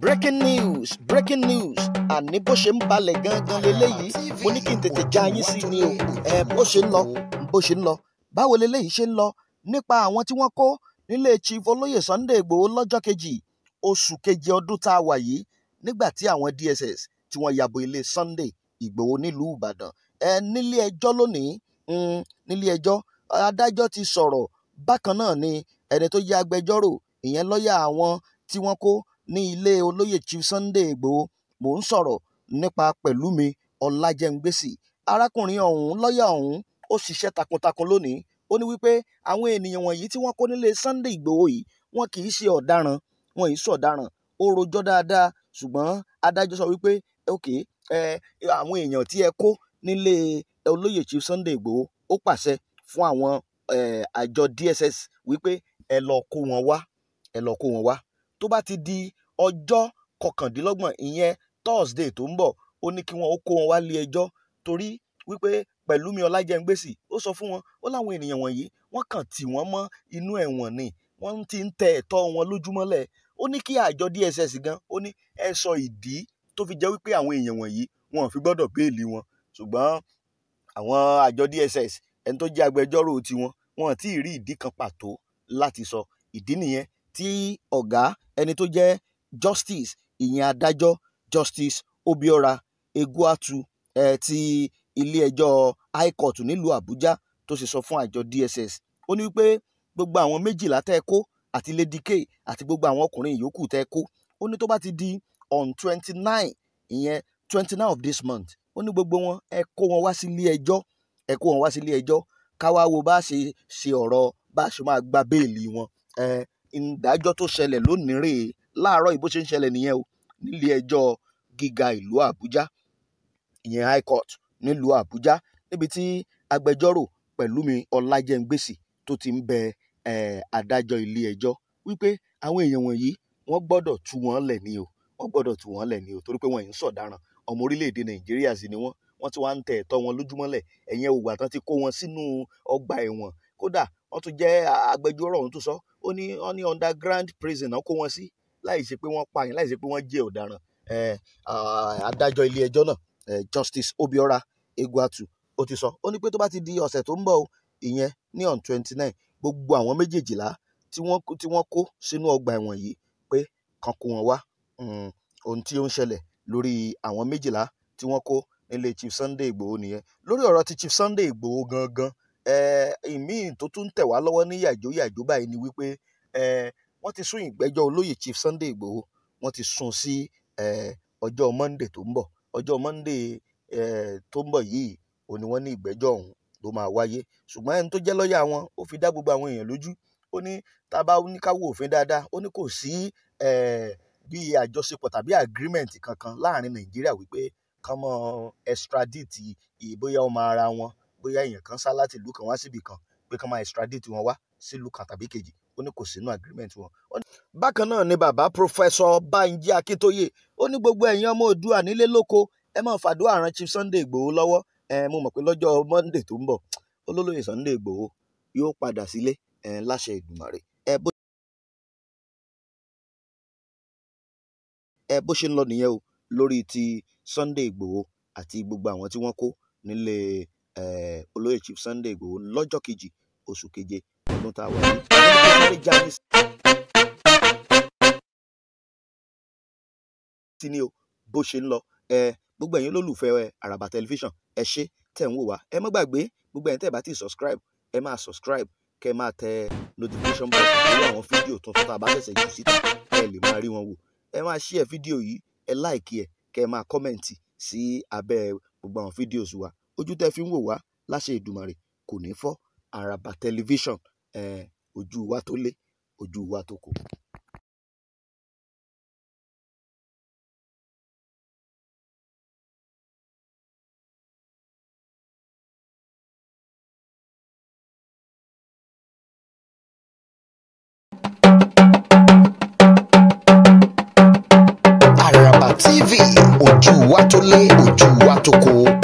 breaking news breaking news àní bó ṣe ń balẹ̀ gangan leléyìí mo ní kí n tètè já yín sí ni o ẹ bó ṣe ń lọ bó ṣe ń lọ báwo leléyìí ṣe ń lọ nípa àwọn tí wọ́n kó nílé chief olóyè Sunday Ìgbòho lọ́jọ́ kejì oṣù keje ọdún tá a wà yìí nígbà tí àwọn DSS tí wọ́n yàbò ilé Sunday Ìgbòho nílùú Ìbàdàn ẹ nílé ẹjọ́ lónìí hmm, nílé ẹjọ́ adájọ́ ti sọ̀rọ̀ bákan náà ni ẹni tó jẹ́ agbẹjọ́rò ìyẹn lọ́ọ̀yà àwọn tí wọ́n kó ní ilé olóyè Chief Sunday Ìgbòho mò ń sọ̀rọ̀ nípa Pẹ̀lúmi Ọlájẹ́ngbèsì arákùnrin ọ̀hún lọ́ọ̀yà ọ̀hún ó ṣiṣẹ́ takuntakun lónìí ó ní wípé àwọn ènìyàn wọ̀nyí tí wọ́n kó nílé Sunday Ìgbòho yìí wọn kì í ṣe ọ̀daràn wọn yìí sọ̀daràn ó rojọ́ dáadáa ṣùgbọ́n adájọ́ sọ wípé ok àwọn èèyàn tí ẹ kó nílé olóyè Chief Sunday Ìgbòho ó pàṣẹ fún àwọn àjọ DSS wípé ẹ lọ kó wọn wá ẹ lọ kó wọn wá tó bá ti di ọjọ́ kọkàndínlọ́gbọ̀n ìyẹn Thursday tó ń bọ̀ ó ní kí wọ́n ó kó wọn wá lé ẹjọ́ torí wípé Pẹ̀lúmi Ọlájẹ́ngbèsì ó sọ fún wọn ó láwọn ènìyàn wọ̀nyí wọ́n kàn tì wọ́n mọ́ inú ẹ̀wọ̀n ni wọ́n ti ń tẹ ẹ̀tọ́ wọn lójúmọ́lẹ̀ ó ní kí àjọ DSS gan ó ní ẹ sọ ìdí tó fi jẹ́ wípé àwọn èèyàn wọ̀nyí wọn ò fi gbọ́dọ̀ béèlì wọn ṣùgbọ́n àwọn àjọ DSS ẹni tó jẹ́ agbẹjọ́rò tiwọn wọn tí ì rí ìdí kan pàtó láti sọ ìdí nìyẹn tí ọ̀gá ẹni tó jẹ́ justice ìyẹn adájọ́ justice obiora egwuatu eh, ti ilé-ẹjọ́ high court nílùú àbújá tó sì sọ fún àjọ dss ó ní wípé gbogbo àwọn méjìlá tẹ́ kó àti lady k àti gbogbo àwọn ọkùnrin ìyókù tẹ́ kó ó ní tó bá ti di on twenty nine ìyẹn twenty nine of this month ó ní gbogbo wọn ẹ kó wọn wá sílé ẹjọ́ ẹ kó wọn wá sílé ẹjọ́ káwá wo bá ṣe ṣe ọ̀rọ̀ bá ṣe máa gba béèlì wọn ẹ ìdájọ́ tó ṣẹlẹ̀ lónìí rèé láàárọ̀ yìí bó ṣe ń ṣẹlẹ̀ nìyẹn o nílé ẹjọ́ gíga ìlú Àbújá ìyẹn High Court nílùú Àbújá níbi tí agbẹjọ́rò Pẹ̀lúmi Ọlájẹ́ngbèsì tó ti ń bẹ adájọ́ ilé ẹjọ́ wípé àwọn èèyàn wọ̀nyí wọ́n gbọ́dọ̀ tú wọn lẹ̀ ni o wọ́n gbọ́dọ̀ tú wọn lẹ̀ ni o torí pé wọ́n yìí ń sọ̀daràn ọmọ orílẹ̀-èdè Nàìjíríà sì ni wọ́n wọ́n ti wá ń tẹ ẹ̀tọ́ wọn lójúmọ́lẹ̀ ẹ̀yẹn ògbà tán ti kó wọn sínú ọgbà ẹ̀wọ̀n kódà wọ́n tún jẹ́ agbẹjọ́rò ọ̀hún tó sọ ó ní underground prison náà kó wọn sí láì ṣe pé wọ́n pààyàn láì ṣe pé wọ́n jẹ́ ọ̀daràn adájọ́ ilé ẹjọ́ náà Justice Obiora Egwatu ó ti sọ ó ní pé tó bá ti di ọ̀sẹ̀ tó ń bọ̀ ìyẹn ní on twenty nine gbogbo àwọn méjèèjìlá tí wọ́n kó sínú ọgbà ẹ̀wọ̀n yìí pé kan kó wọn wá hmm, ohun tí ó ń ṣẹlẹ̀ lórí àwọn méjìlá tí wọ́n kó nílé Chief Sunday Igboho nìyẹn lórí ọ̀rọ̀ ti Chief Sunday Igboho gangan ìmíì tó tún tẹ̀ wá lọ́wọ́ ní yàjó yàjó báyìí ni wípé wọ́n ti sún ìgbẹ́jọ́ olóyè Chief Sunday Igboho wọ́n ti sún sí ọjọ́ Monday tó ń bọ̀ ọjọ́ Monday tó ń bọ̀ yìí ò ní wọ́n ní ìgbẹ́jọ́ ọ̀hún ló máa wáyé ṣùgbọ́n ẹni tó jẹ́ lọ́ọ̀yà wọn ó fi dá gbogbo àwọn èèyàn lójú ó ní tá a bá ní ká wo òfin dáadáa ó ní kò sí bíi àjọṣepọ̀ tàbí agreement kankan láàrin Nàìjíríà wípé kán mọ́ extradite bóyá ọmọ ara wọn bóyá èèyàn kan sá láti ìlú kan wá síbì kan pé kán máa extradite wọn wá sílùú kan tàbí kejì ó ní kò sínú agreement wọn. bákan náà ni bàbá pòfẹsọ Bánjí Akíntóyè ó ní gbogbo ẹ̀yin ọmọ Oòduà nílé lóko ẹ máa fàdúrà ran Chief Sunday Ìgbòho lọ́wọ́ ẹ mo mọ̀ pé lọ́jọ́ Monday tó ń bọ̀ olólùyè Sunday Ìgbòho yóò padà sílé ẹ láṣẹ Ìdùmarè ẹ ẹ bó ṣe ń lọ nìyẹn o lórí ti Sunday Ìgbòho àti gbogbo àwọn tí wọ́n kó nílé olóyè Chief Sunday Ìgbòho lọ́jọ́ kejì oṣù keje ọdún tá a wà yìí tí ní o bó ṣe ń lọ ẹ gbogbo ẹ̀yin olólùfẹ́ àràbà tẹlifíṣàn ẹ ṣé tẹ̀ ń wò wá ẹ má gbàgbé gbogbo ẹ̀yin tẹ̀ bá ti subscribe ẹ máa subscribe kẹ́ máa tẹ notification bell lórí àwọn fídíò tuntun tá a bá ṣẹ̀ṣẹ̀ jù síta ẹ lè máa rí wọn wò ẹ máa share fídíò yìí ẹ like ẹ kẹ́ máa comment sí abẹ́ gbogbo àwọn fídíòs wa ojú tẹ́ fi ń wò wá láṣẹ Èdùmàrè kò ní fọ́ àràbà tẹlifíṣàn um ojú wa tó lé ojú wa tó kò Àràbà TV ojú wa tó lé ojú wa tó kò.